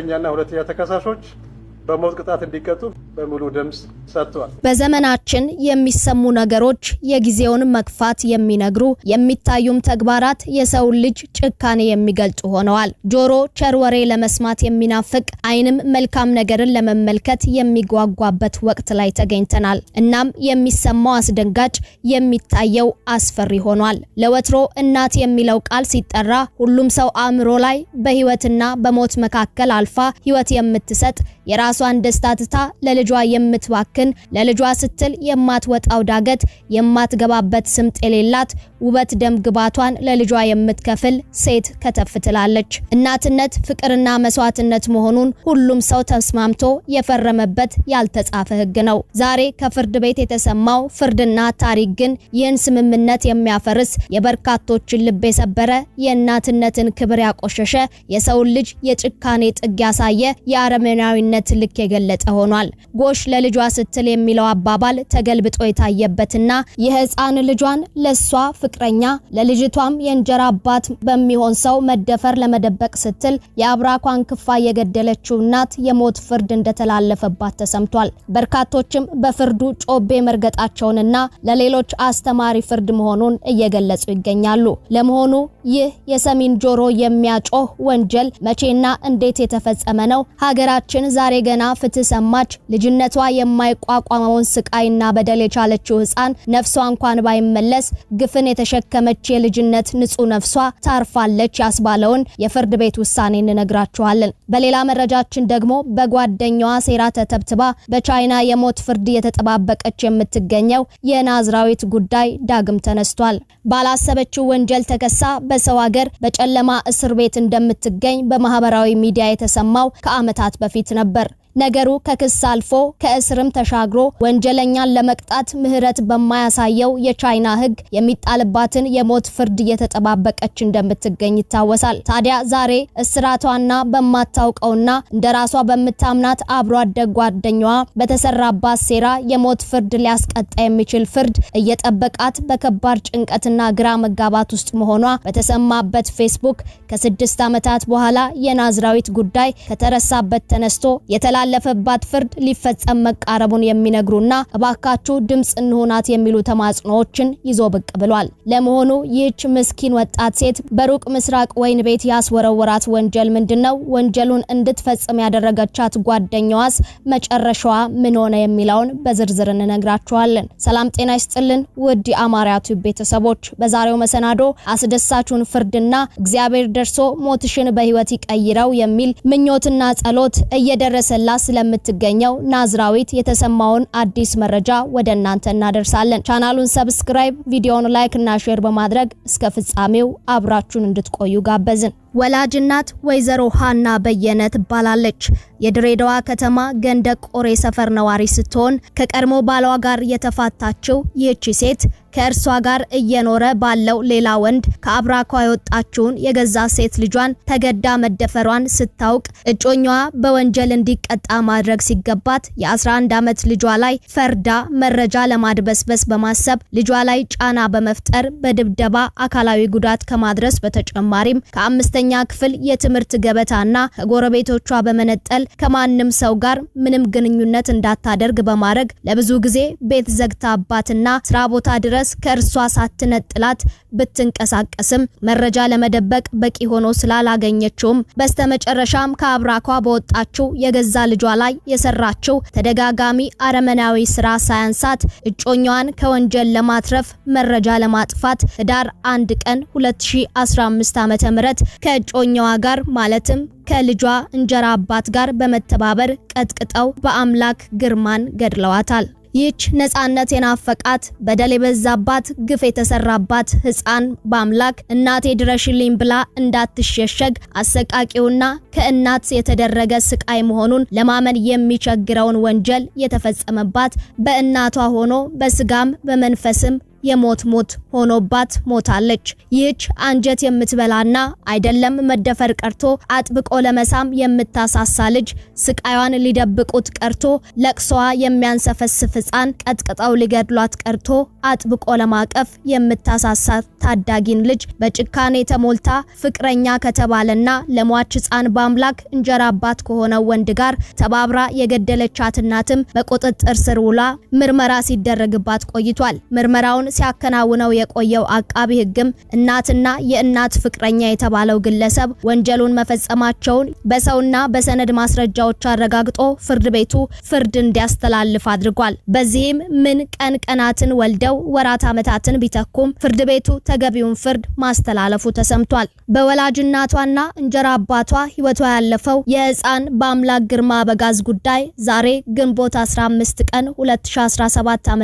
አንደኛና ሁለተኛ ተከሳሾች በሞት ቅጣት እንዲቀጡ በሙሉ ድምፅ ሰጥቷል። በዘመናችን የሚሰሙ ነገሮች የጊዜውን መክፋት የሚነግሩ የሚታዩም ተግባራት የሰውን ልጅ ጭካኔ የሚገልጹ ሆነዋል። ጆሮ ቸር ወሬ ለመስማት የሚናፍቅ፣ ዓይንም መልካም ነገርን ለመመልከት የሚጓጓበት ወቅት ላይ ተገኝተናል። እናም የሚሰማው አስደንጋጭ፣ የሚታየው አስፈሪ ሆኗል። ለወትሮ እናት የሚለው ቃል ሲጠራ ሁሉም ሰው አእምሮ ላይ በህይወትና በሞት መካከል አልፋ ሕይወት የምትሰጥ የራሷን ደስታ ትታ ለልጅ ለልጇ የምትባክን ለልጇ ስትል የማትወጣው ዳገት የማትገባበት ስምጥ የሌላት ውበት ደም ግባቷን ለልጇ የምትከፍል ሴት ከተፍ ትላለች። እናትነት ፍቅርና መስዋዕትነት መሆኑን ሁሉም ሰው ተስማምቶ የፈረመበት ያልተጻፈ ሕግ ነው። ዛሬ ከፍርድ ቤት የተሰማው ፍርድና ታሪክ ግን ይህን ስምምነት የሚያፈርስ የበርካቶችን ልብ የሰበረ የእናትነትን ክብር ያቆሸሸ የሰውን ልጅ የጭካኔ ጥግ ያሳየ የአረመናዊነት ልክ የገለጠ ሆኗል። ጎሽ ለልጇ ስትል የሚለው አባባል ተገልብጦ የታየበትና የህፃን ልጇን ለሷ ፍቅረኛ ለልጅቷም የእንጀራ አባት በሚሆን ሰው መደፈር ለመደበቅ ስትል የአብራኳን ክፋ የገደለችው እናት የሞት ፍርድ እንደተላለፈባት ተሰምቷል። በርካቶችም በፍርዱ ጮቤ መርገጣቸውንና ለሌሎች አስተማሪ ፍርድ መሆኑን እየገለጹ ይገኛሉ። ለመሆኑ ይህ የሰሚን ጆሮ የሚያጮህ ወንጀል መቼና እንዴት የተፈጸመ ነው? ሀገራችን ዛሬ ገና ፍትህ ሰማች? በልጅነቷ የማይቋቋመውን ስቃይና በደል የቻለችው ህፃን ነፍሷ እንኳን ባይመለስ ግፍን የተሸከመች የልጅነት ንጹህ ነፍሷ ታርፋለች ያስባለውን የፍርድ ቤት ውሳኔ እንነግራችኋለን። በሌላ መረጃችን ደግሞ በጓደኛዋ ሴራ ተተብትባ በቻይና የሞት ፍርድ እየተጠባበቀች የምትገኘው የናዝራዊት ጉዳይ ዳግም ተነስቷል። ባላሰበችው ወንጀል ተከሳ በሰው ሀገር በጨለማ እስር ቤት እንደምትገኝ በማህበራዊ ሚዲያ የተሰማው ከዓመታት በፊት ነበር። ነገሩ ከክስ አልፎ ከእስርም ተሻግሮ ወንጀለኛን ለመቅጣት ምህረት በማያሳየው የቻይና ህግ የሚጣልባትን የሞት ፍርድ እየተጠባበቀች እንደምትገኝ ይታወሳል። ታዲያ ዛሬ እስራቷና በማታውቀውና እንደ ራሷ በምታምናት አብሮ አደግ ጓደኛዋ በተሰራባት ሴራ የሞት ፍርድ ሊያስቀጣ የሚችል ፍርድ እየጠበቃት በከባድ ጭንቀትና ግራ መጋባት ውስጥ መሆኗ በተሰማበት ፌስቡክ ከስድስት ዓመታት በኋላ የናዝራዊት ጉዳይ ከተረሳበት ተነስቶ የተላ ላለፈባት ፍርድ ሊፈጸም መቃረቡን የሚነግሩና እባካችሁ ድምፅ እንሆናት የሚሉ ተማጽኖዎችን ይዞ ብቅ ብሏል። ለመሆኑ ይህች ምስኪን ወጣት ሴት በሩቅ ምስራቅ ወይን ቤት ያስወረወራት ወንጀል ምንድነው? ወንጀሉን እንድትፈጽም ያደረገቻት ጓደኛዋስ መጨረሻዋ ምን ሆነ የሚለውን በዝርዝር እንነግራችኋለን። ሰላም ጤና ይስጥልን ውድ የአማርያ ቲዩብ ቤተሰቦች፣ በዛሬው መሰናዶ አስደሳቹን ፍርድና እግዚአብሔር ደርሶ ሞትሽን በህይወት ይቀይረው የሚል ምኞትና ጸሎት እየደረሰላት ስለምትገኘው ናዝራዊት የተሰማውን አዲስ መረጃ ወደ እናንተ እናደርሳለን። ቻናሉን ሰብስክራይብ፣ ቪዲዮውን ላይክ እና ሼር በማድረግ እስከ ፍጻሜው አብራችሁን እንድትቆዩ ጋበዝን። ወላጅ እናት ወይዘሮ ሃና በየነ ትባላለች። የድሬዳዋ ከተማ ገንደ ቆሬ ሰፈር ነዋሪ ስትሆን ከቀድሞ ባሏ ጋር የተፋታችው ይህቺ ሴት ከእርሷ ጋር እየኖረ ባለው ሌላ ወንድ ከአብራኳ የወጣችውን የገዛ ሴት ልጇን ተገዳ መደፈሯን ስታውቅ እጮኛዋ በወንጀል እንዲቀጣ ማድረግ ሲገባት የ11 ዓመት ልጇ ላይ ፈርዳ መረጃ ለማድበስበስ በማሰብ ልጇ ላይ ጫና በመፍጠር በድብደባ አካላዊ ጉዳት ከማድረስ በተጨማሪም ከአምስተ የአስረኛ ክፍል የትምህርት ገበታና ከጎረቤቶቿ በመነጠል ከማንም ሰው ጋር ምንም ግንኙነት እንዳታደርግ በማድረግ ለብዙ ጊዜ ቤት ዘግታ አባትና ስራ ቦታ ድረስ ከእርሷ ሳትነጥላት ብትንቀሳቀስም መረጃ ለመደበቅ በቂ ሆኖ ስላላገኘችውም በስተመጨረሻም ከአብራኳ በወጣችው የገዛ ልጇ ላይ የሰራችው ተደጋጋሚ አረመናዊ ስራ ሳያንሳት እጮኛዋን ከወንጀል ለማትረፍ መረጃ ለማጥፋት ህዳር አንድ ቀን 2015 ዓ.ም ከእጮኛዋ ጋር ማለትም ከልጇ እንጀራ አባት ጋር በመተባበር ቀጥቅጠው በአምላክ ግርማን ገድለዋታል። ይህች ነጻነት የናፈቃት በደል የበዛባት ግፍ የተሰራባት ህፃን በአምላክ እናቴ ድረሽልኝ ብላ እንዳትሸሸግ አሰቃቂውና ከእናት የተደረገ ስቃይ መሆኑን ለማመን የሚቸግረውን ወንጀል የተፈጸመባት በእናቷ ሆኖ በስጋም በመንፈስም የሞት ሞት ሆኖባት ሞታለች። ይህች አንጀት የምትበላና አይደለም መደፈር ቀርቶ አጥብቆ ለመሳም የምታሳሳ ልጅ ስቃዩን ሊደብቁት ቀርቶ ለቅሶዋ የሚያንሰፈስፍ ህፃን ቀጥቅጠው ሊገድሏት ቀርቶ አጥብቆ ለማቀፍ የምታሳሳ ታዳጊን ልጅ በጭካኔ ተሞልታ ፍቅረኛ ከተባለና ለሟች ህፃን በአምላክ እንጀራ አባት ከሆነው ወንድ ጋር ተባብራ የገደለቻት እናትም በቁጥጥር ስር ውላ ምርመራ ሲደረግባት ቆይቷል። ምርመራውን ሲያከናውነው የቆየው አቃቢ ሕግም እናትና የእናት ፍቅረኛ የተባለው ግለሰብ ወንጀሉን መፈጸማቸውን በሰውና በሰነድ ማስረጃዎች አረጋግጦ ፍርድ ቤቱ ፍርድ እንዲያስተላልፍ አድርጓል። በዚህም ምን ቀን ቀናትን ወልደው ወራት ዓመታትን ቢተኩም ፍርድ ቤቱ ተገቢውን ፍርድ ማስተላለፉ ተሰምቷል። በወላጅ እናቷና እንጀራ አባቷ ህይወቷ ያለፈው የህፃን በአምላክ ግርማ አበጋዝ ጉዳይ ዛሬ ግንቦት 15 ቀን 2017 ዓ.ም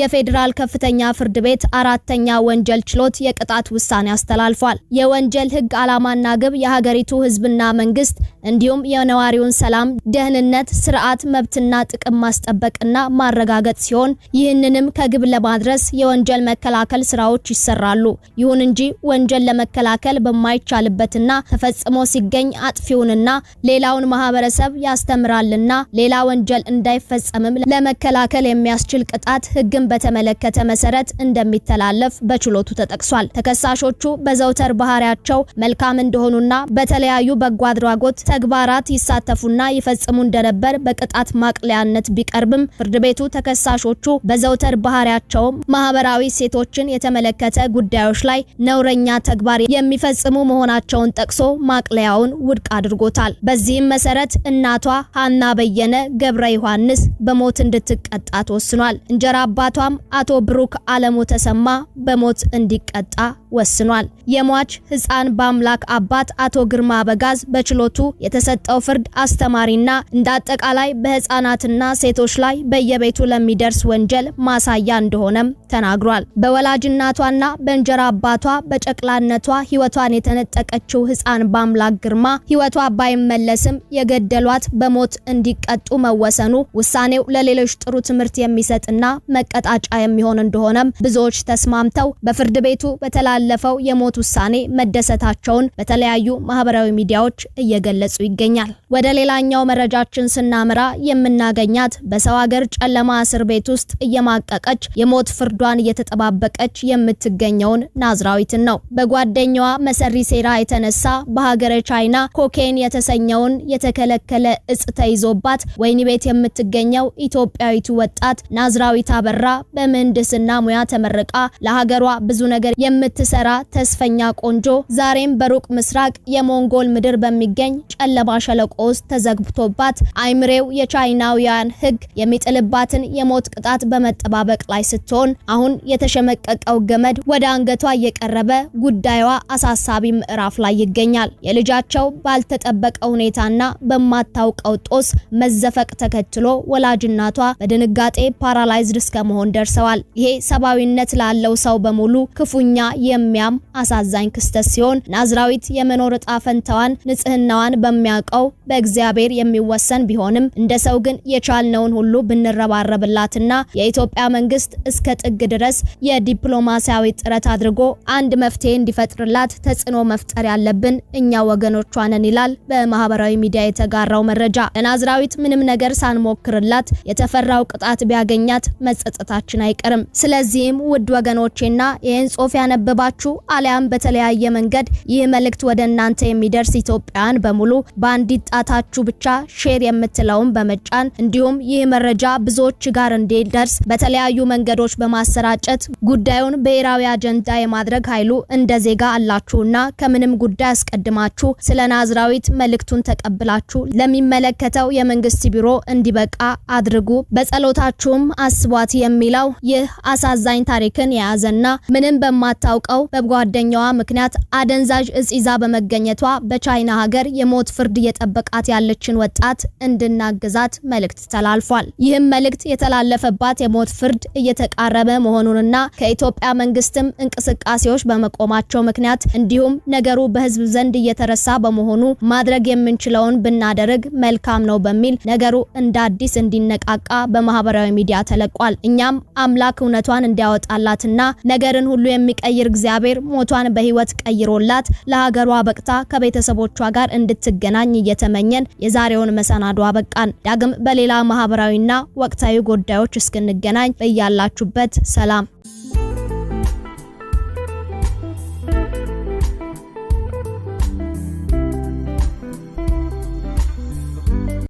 የፌዴራል ከፍተኛ ፍርድ ቤት አራተኛ ወንጀል ችሎት የቅጣት ውሳኔ አስተላልፏል። የወንጀል ህግ ዓላማና ግብ የሀገሪቱ ህዝብና መንግስት እንዲሁም የነዋሪውን ሰላም፣ ደህንነት፣ ስርዓት፣ መብትና ጥቅም ማስጠበቅና ማረጋገጥ ሲሆን ይህንንም ከግብ ለማድረስ የወንጀል መከላከል ስራዎች ይሰራሉ። ይሁን እንጂ ወንጀል ለመከላከል በማይቻልበትና ተፈጽሞ ሲገኝ አጥፊውንና ሌላውን ማህበረሰብ ያስተምራልና ሌላ ወንጀል እንዳይፈጸምም ለመከላከል የሚያስችል ቅጣት ህግን በተመለከተ መሰረት መሰረት እንደሚተላለፍ በችሎቱ ተጠቅሷል። ተከሳሾቹ በዘውተር ባህሪያቸው መልካም እንደሆኑና በተለያዩ በጎ አድራጎት ተግባራት ይሳተፉና ይፈጽሙ እንደነበር በቅጣት ማቅለያነት ቢቀርብም ፍርድ ቤቱ ተከሳሾቹ በዘውተር ባህሪያቸው ማህበራዊ ሴቶችን የተመለከተ ጉዳዮች ላይ ነውረኛ ተግባር የሚፈጽሙ መሆናቸውን ጠቅሶ ማቅለያውን ውድቅ አድርጎታል። በዚህም መሰረት እናቷ ሀና በየነ ገብረ ዮሐንስ በሞት እንድትቀጣ ተወስኗል። እንጀራ አባቷም አቶ ብሩክ አለሙ ተሰማ በሞት እንዲቀጣ ወስኗል። የሟች ህፃን በአምላክ አባት አቶ ግርማ በጋዝ በችሎቱ የተሰጠው ፍርድ አስተማሪና እንደ አጠቃላይ በህፃናትና ሴቶች ላይ በየቤቱ ለሚደርስ ወንጀል ማሳያ እንደሆነም ተናግሯል። በወላጅናቷና በእንጀራ አባቷ በጨቅላነቷ ህይወቷን የተነጠቀችው ህፃን በአምላክ ግርማ ህይወቷ ባይመለስም የገደሏት በሞት እንዲቀጡ መወሰኑ ውሳኔው ለሌሎች ጥሩ ትምህርት የሚሰጥና መቀጣጫ የሚሆን እንደሆነ ስለሆነም ብዙዎች ተስማምተው በፍርድ ቤቱ በተላለፈው የሞት ውሳኔ መደሰታቸውን በተለያዩ ማህበራዊ ሚዲያዎች እየገለጹ ይገኛል። ወደ ሌላኛው መረጃችን ስናምራ የምናገኛት በሰው ሀገር ጨለማ እስር ቤት ውስጥ እየማቀቀች የሞት ፍርዷን እየተጠባበቀች የምትገኘውን ናዝራዊትን ነው። በጓደኛዋ መሰሪ ሴራ የተነሳ በሀገረ ቻይና ኮኬን የተሰኘውን የተከለከለ እጽ ተይዞባት ወህኒ ቤት የምትገኘው ኢትዮጵያዊቱ ወጣት ናዝራዊት አበራ በምህንድስና ሙያ ተመርቃ ለሀገሯ ብዙ ነገር የምትሰራ ተስፈኛ ቆንጆ ዛሬም በሩቅ ምስራቅ የሞንጎል ምድር በሚገኝ ጨለማ ሸለቆ ውስጥ ተዘግብቶባት አይምሬው የቻይናውያን ሕግ የሚጥልባትን የሞት ቅጣት በመጠባበቅ ላይ ስትሆን አሁን የተሸመቀቀው ገመድ ወደ አንገቷ እየቀረበ ጉዳዩዋ አሳሳቢ ምዕራፍ ላይ ይገኛል። የልጃቸው ባልተጠበቀ ሁኔታና በማታውቀው ጦስ መዘፈቅ ተከትሎ ወላጅናቷ በድንጋጤ ፓራላይዝድ እስከ መሆን ደርሰዋል። ይሄ ሰብአዊነት ላለው ሰው በሙሉ ክፉኛ የሚያም አሳዛኝ ክስተት ሲሆን ናዝራዊት የመኖር እጣ ፈንታዋን ንጽህናዋን በሚያውቀው በእግዚአብሔር የሚወሰን ቢሆንም እንደ ሰው ግን የቻልነውን ሁሉ ብንረባረብላትና የኢትዮጵያ መንግስት እስከ ጥግ ድረስ የዲፕሎማሲያዊ ጥረት አድርጎ አንድ መፍትሄ እንዲፈጥርላት ተጽዕኖ መፍጠር ያለብን እኛ ወገኖቿ ነን ይላል በማህበራዊ ሚዲያ የተጋራው መረጃ። ለናዝራዊት ምንም ነገር ሳንሞክርላት የተፈራው ቅጣት ቢያገኛት መጸጸታችን አይቀርም። ስለ ስለዚህም ውድ ወገኖቼና ይህን ጽሁፍ ያነበባችሁ አሊያም በተለያየ መንገድ ይህ መልእክት ወደ እናንተ የሚደርስ ኢትዮጵያን በሙሉ በአንዲት ጣታችሁ ብቻ ሼር የምትለውን በመጫን እንዲሁም ይህ መረጃ ብዙዎች ጋር እንዲደርስ በተለያዩ መንገዶች በማሰራጨት ጉዳዩን ብሔራዊ አጀንዳ የማድረግ ኃይሉ እንደ ዜጋ አላችሁና ከምንም ጉዳይ አስቀድማችሁ ስለ ናዝራዊት መልእክቱን ተቀብላችሁ ለሚመለከተው የመንግስት ቢሮ እንዲበቃ አድርጉ። በጸሎታችሁም አስቧት የሚለው ይህ አሳ አሳዛኝ ታሪክን የያዘና ምንም በማታውቀው በጓደኛዋ ምክንያት አደንዛዥ እጽ ይዛ በመገኘቷ በቻይና ሀገር የሞት ፍርድ እየጠበቃት ያለችን ወጣት እንድናግዛት መልእክት ተላልፏል። ይህም መልእክት የተላለፈባት የሞት ፍርድ እየተቃረበ መሆኑንና ከኢትዮጵያ መንግስትም እንቅስቃሴዎች በመቆማቸው ምክንያት እንዲሁም ነገሩ በህዝብ ዘንድ እየተረሳ በመሆኑ ማድረግ የምንችለውን ብናደርግ መልካም ነው በሚል ነገሩ እንደ አዲስ እንዲነቃቃ በማህበራዊ ሚዲያ ተለቋል። እኛም አምላክ እውነቷን ነፍሷን እንዲያወጣላትና ነገርን ሁሉ የሚቀይር እግዚአብሔር ሞቷን በህይወት ቀይሮላት ለሀገሯ በቅታ ከቤተሰቦቿ ጋር እንድትገናኝ እየተመኘን የዛሬውን መሰናዶ አበቃን። ዳግም በሌላ ማህበራዊና ወቅታዊ ጉዳዮች እስክንገናኝ በያላችሁበት ሰላም